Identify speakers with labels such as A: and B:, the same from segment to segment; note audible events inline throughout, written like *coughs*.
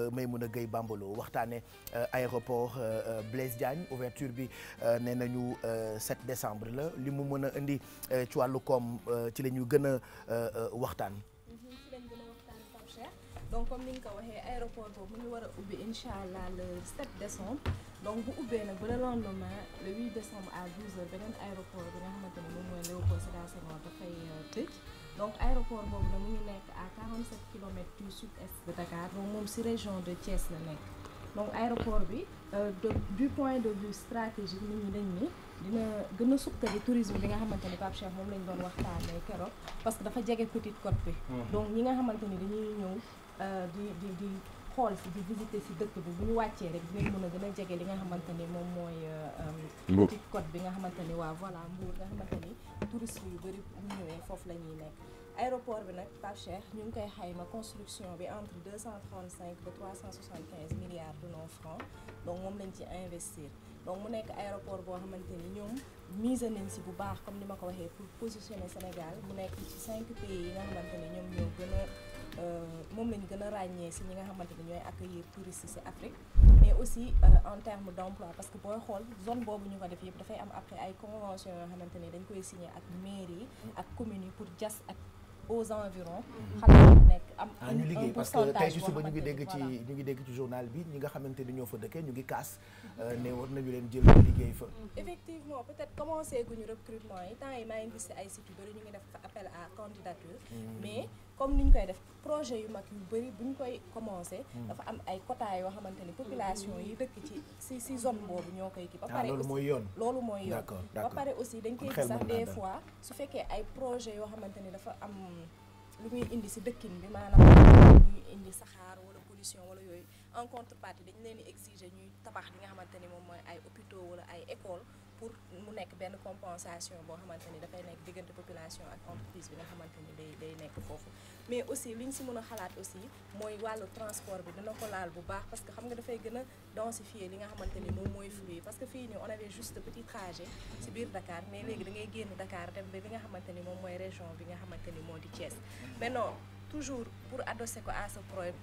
A: Euh, mun a Gueye Bambalo waxtaane euh, aéroport euh, Blaise Diagne ouverture bi nee nañu 7 décembre la li mu mën a indi ci wàllu koom ci la ñu gën a waxtaan
B: mhm, donc comme ni nga ko waxee aéroport boobu mu ngi war ubbi incha allah le 7 décembre donc bu ubbee nag ba le le 8 décembre à 12 beneen aéroport bi nga xamante ne moom mooy Léopold Sédar Senghor dafay tëj. donc aéroport moom nag mu ngi nekk à 47 kilomètres du sud-est de Dakar moom ci région de Thiès la nekk donc aéroport bi euh, du point de vue stratégique nit ñi dañ ni dina gën a suqali tourisme bi nga xamante ni Pape Cheikh moom lañ doon waxtaanee keroog parce que dafa jege Petite Côte bi donc ñi nga xamante ni dañuy ñëw euh, di di di xool si di visiter si dëkk bi bu ñu wàccee rek bi mën gën a jege li nga xamante ni moom mooy. Euh, um, Mbour ci bi nga xamante ni waaw voilà Mbour nga xamante ni touristes yu bëri bu ñëwee foofu la ñuy nekk. aéroport bi nag Pape Cheikh ñu ngi koy xayma construction bi entre deux cent trente cinq cent soixante quinze milliards de nos francs donc moom lañ ci investir. donc mu nekk aéroport boo xamante ni ñoom mise nañ si bu baax comme ni ma ko waxee pour positionner Sénégal mu nekk ci cinq pays yi nga xamante ni ñoom ñoo gën Euh, moom la ñu gën a ràññee si ñi nga xamante ni ñooy accueillir touristes si Afrique mais aussi euh, en terme d' emploi parce que booy xool zone boobu ñu ko def yëpp dafay am après ay convention yoo xamante ni dañ koy signé ak mairie ak commune yi pour jas ak aux environs. Mm-hmm. xale yu nekk am ah, ñu liggéey parce que tey juste ba ñu ngi dégg ci ñu
A: ngi dégg ci journal bi ñi nga xamante ni ñoo fa dëkkee ñu ngi kaas mm-hmm. euh, ne war nañu leen jël liggéey fa. Mm-hmm.
B: effectivement peut-être commencé guñu recrutement yi temps yi maa ngi gis ay sites yu ñu ngi def appel à candidature mais. comme ni ñu koy def projet yu mag yu bëri bu ñu koy commencé. Hmm. dafa am ay quota yoo xamante ni population yi dëkk ci si si zone boobu ñoo koy kii. ba ah, pare loolu mooy yoon loolu mooy yoon. ba pare aussi dañ koy gis sax des fois su fekkee ay projet yoo xamante ni dafa am lu muy indi si dëkkin bi maanaam ñuy indi saxaar wala pollution wala yooyu en contrepartie dañ leen di exiger ñuy tabax li nga xamante ni moom mooy ay hôpitaux wala ay école pour mu nekk benn compensation boo xamante ni dafay nekk diggante population ak entreprise bi nga xamante ni day day nekk foofu mais aussi li ñu si mën a xalaat aussi mooy wàllu transport bi dina ko laal bu baax parce que xam nga dafay gën a densifier li nga xamante ni moom mooy flux parce que fii nii on avait juste petit trajet si biir Dakar mais léegi da ngay génn dakaar dem bi li nga xamante ni moom mooy région bi nga xamante ni moo di Thiès mais non toujours pour adosser ko à ce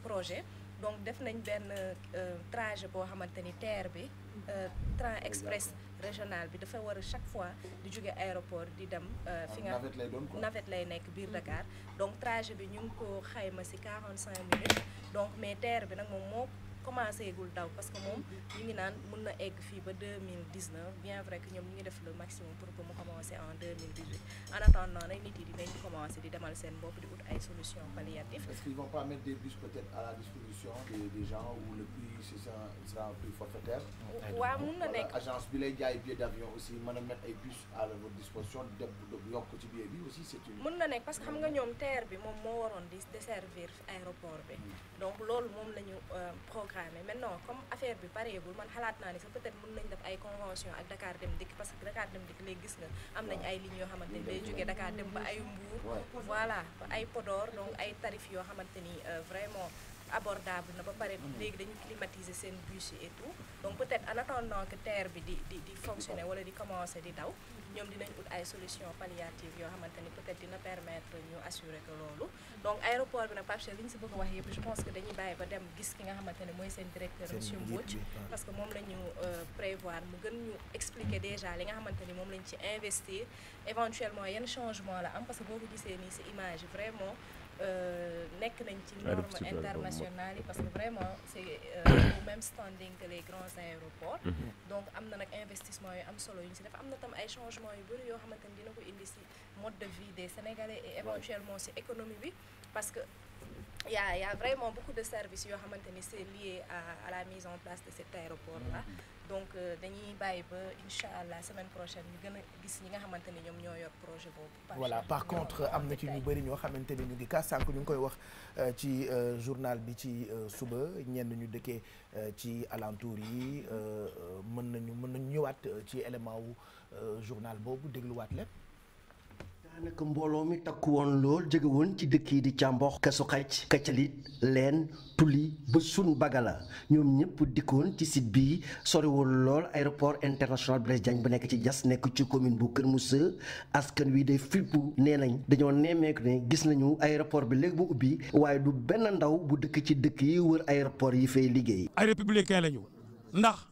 B: projet donc def nañ benn euh, trajet boo xamante ni TER bi euh, train express régional bi dafa war a chaque fois di jóge aéroport di dem euh, ah, fi nga navette lay nekk biir mm-hmm. Dakar donc trajet bi ñu ngi ko xayma ci 45 minutes donc mais terre bi nag moom moo commencé gul daw parce que moom ñu ngi naan mun na egg fii ba bien vrai que ñoom ñu ngi def le maximum pour que mu commencé en 2018 en attendant nag nit yi dinañ commencé di demal seen bopp di ut ay solution palliative est-ce
A: qu'ils vont pas mettre des bus à la disposition des, des gens bi ay bi aussi c'est une mun na
B: nekk parce que xam nga ñoom terre bi moom moo waroon di desservir aéroport bi hmm. donc loolu moom la euh, programme Dramé maintenant comme affaire bi pareegul man xalaat naa ne sax peut-être mën nañ def ay convention ak Dakar Dem Dikk parce que Dakar Dem Dikk léegi gis nga am nañ ay lignes yoo xamante ni day jógee Dakar dem ba ay Mbour voilà ba ay Podor donc ay tarif yoo xamante ni euh, vraiment abordable na ba pare mhm. léegi dañu climatiser seen bus yi et tout donc peut-être en attendant terre bi di di di fonctionner wala di commencer di daw mhm. ñoom dinañ ut ay solution palliative yoo xamante ni peut-être dina permettre ñu assurer que loolu donc aéroport bi nag Pape Cheikh li ñu si bëgg a wax yëpp je pense que dañuy bàyyi ba dem gis ki nga xamante ne mooy seen directeur monsieur Mbodj parce que moom la ñu euh, prévoir mu gën ñu expliquer déjà li nga xamante ni moom lañ ci investir éventuellement yenn changement la am parce que boo nii si image vraiment Euh, nekk nañ ci normes internationales yi parce que vraiment c' est euh, *coughs* au même standing que les grands aéroports. Mhm. donc am na nag investissement yu am solo yu ñu si def am na tam ay changements yu bëri yoo xamante ni dina ko indi si mode de vie des sénégalais et éventuellement si économie bi parce que. Il y, a, vraiment beaucoup de services yoo xamante ni c'est lié à, à la mise en place de cet aéroport là mhm. donc euh, dañuy bàyyi ba incha allah semaine prochaine ñu gën a gis ñi nga xamante ni ñoom ñoo yor projet boobu.
A: voilà par contre am na ci ñu bëri ñoo xamante ni ñu ngi kaas sànq ñu ngi koy wax euh, ci euh, journal bi ci suba ñeen ñu dëkkee ci alentour yi mën nañu mën nañu ñëwaat ci élément wu journal boobu dégluwaat lépp. daanaka mbooloo mi takku woon lool jóge woon ci dëkk yi di càmbox kasu xaj kacalit leen tulli ba sun bagala ñoom ñëpp dikkoon ci site bi soriwul lool aéroport international Blaise Diagne bu nekk ci jas nekk ci commune bu Kër mu Moussa askan wi day fippu nee nañ dañoo nemmeeku ne gis nañu aéroport bi léegi bu ubbi waaye du benn ndaw bu dëkk ci dëkk yi wër aéroport yi fay liggéey. ay républicain lañu ndax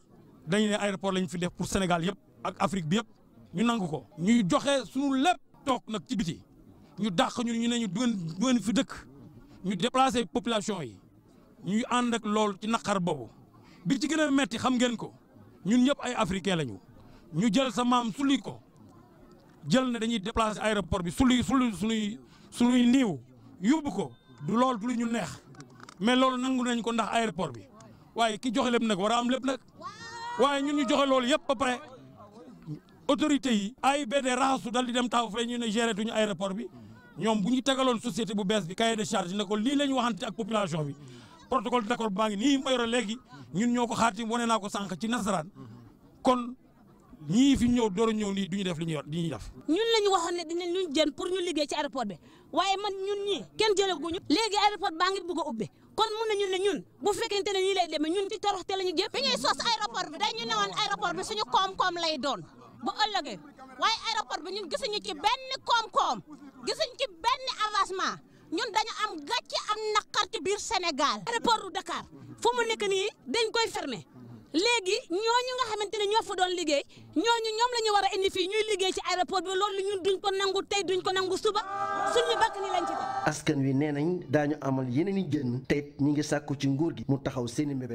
A: dañu ne aéroport lañu fi def pour Sénégal yëpp ak Afrique ñu nangu ko toog nag ci biti ñu dàq ñu ñu ne ñu du ngeen fi dëkk ñu déplacé population yi ñuy ànd ak lool ci naqar boobu bi ci gën a metti xam ngeen ko ñun ñëpp ay africain lañu ñu jël sa maam sulli ko jël na dañuy déplacé aéroport bi sulli sulli suñuy suñuy niiw yóbbu ko du lool dul ñu neex mais loolu nangu nañ ko ndax aéroport bi waaye ki joxe lépp nag war a am lépp nag waaye ñun ñu joxe loolu yëpp ba pare. autorité yi AIBD raxasu dal di dem taw fee ñu ne géré tuñu bi ñoom bu ñu tegaloon société bu bees bi cahier de charge na ko lii la ñu waxante ak population bi protocole d'accord baa ngi nii ma yore ñun ñoo ko xaatim wane naa ko sànq ci nasaraan kon ñii fi ñëw door a ñëw nii duñu ñu def li ñuy di li def.
B: ñun la ñu waxoon ne jën pour ñu liggéey ci aéroport bi waaye man ñun ñii kenn jëleguñu. léegi aéroport baa ngi bugg a ubbi kon mun nañu ñun bu fekkente ne nii lay demee ñu bu ëllëgee waaye aéroport bi ñun gisuñu ci benn koom-koom gisuñu ci benn avancement ñun dañu am gàcce am naqar ci biir Sénégal. aéroport du Dakar fu mu nekk nii dañ koy fermer léegi ñooñu nga xamante ni ñoo fu doon liggéey ñooñu ñoom la ñu war a indi fii ñuy liggéey ci aéroport bi loolu ñun duñ ko nangu tey duñ ko nangu suba
A: suñu bakk ni lañ ci askan wi nee nañ daañu amal yeneen i génn tey ñu ngi sàkku ci nguur gi mu taxaw seeni i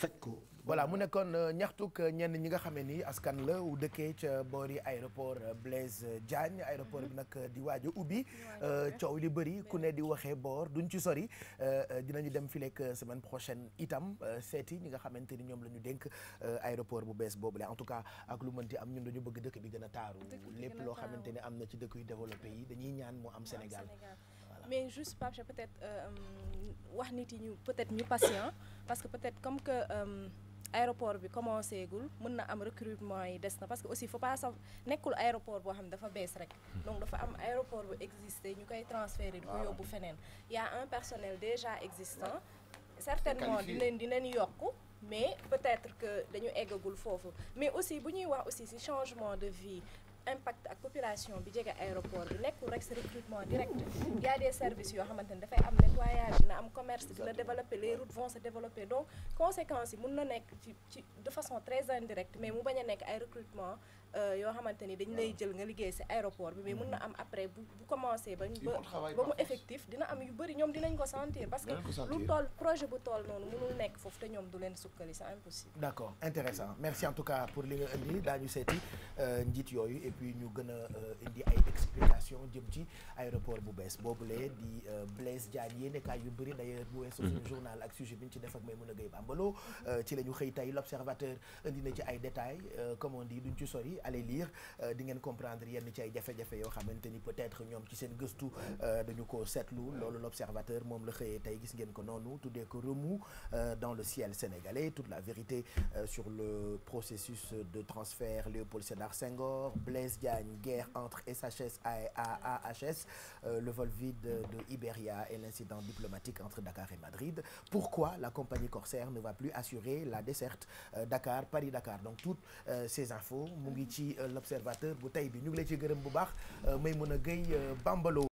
A: faj ko. voilà mu nekkoon euh, ñaxtuk euh, ñenn ñi nga xam ni nii askan la u dëkkee ca boori aéroport euh, Blaise Diagne aéroport bi nag di waaj a ubbi coow li bëri ku ne di waxee boor duñ ci sori dinañu dem fi lekk semaine prochaine itam seeti ñi nga xamante ni ñoom la ñu dénk aéroport bu bees boobule en tout cas ak lu mënti am ñun dañu bëgg dëkk bi gën a taaru lépp loo xamante ni am na ci dëkk yu développé yi dañuy ñaan mu am Sénégal
B: mais juste Pape Cheikh peut nit ñu patient parce que peut comme que aéroport bi commencé gul mën na am recrutement yi des na parce que aussi faut pas nekkul aéroport boo xam ne dafa bees rek hmm. donc dafa am aéroport bu existé ñu koy transféré di ko yóbbu feneen y a un personnel déjà existant certainement dinañ dinañ yokk mais peut-être que dañu eggagul foofu mais aussi bu ñuy wax aussi ci changement de vie impact ak population bi jege aéroport bi nekkul rek ci recrutement direct il y a yoo xamante ni dafay am nettoyage dina am commerce dina développer les routes vont se développer donc conséquences yi mun na nekk ci ci de façon très indirecte mais mu bañ a nekk ay recrutement Euh, yoo xamante ni dañ lay jël nga liggéey ci aéroport bi mais mën na am après bu bu commencé ba ba mu effectif dina am yu bëri ñoom dinañ ko sentir parce que lu toll projet bu toll noonu mënul nekk foofu te ñoom du leen sukkali c'est impossible
A: d'accord intéressant merci en tout cas pour li nga indi daañu seeti euh, njiit yooyu et ñu gën a euh, indi ay explication jëm ci aéroport bu bees boobu lee di Blaise Diagne yéene kaay yu bari d'ailleurs bu weesoo suñu mm-hmm. journal ak sujet bi ñu ci def ak Maimouna Gueye Bambalo ci la ñu xëy tey l'observateur indi na ci ay détails comme on dit duñ ci sori yi allez lire euh, di ngeen comprendre yenn ci ay jafe-jafe yoo xamante ni peut-être ñoom ci seen gëstu euh, dañu ko seetlu loolu l'observateur moom la xëyee tey gis ngeen ko noonu tuddee ko remous euh, dans le ciel sénégalais toute la vérité sur le processus de transfert Léopold Sédar Senghor Blaise Diagne guerre entre SHS et AAHS le vol vide de Iberia et l'incident diplomatique entre Dakar et Madrid pourquoi la compagnie Corsair ne va plus assurer la desserte Dakar Paris Dakar donc toutes ces ci euh, l'observateur bu tey bi ñu ngi lay ci gërëm bu baax euh, Maimouna Gueye euh, Bambalo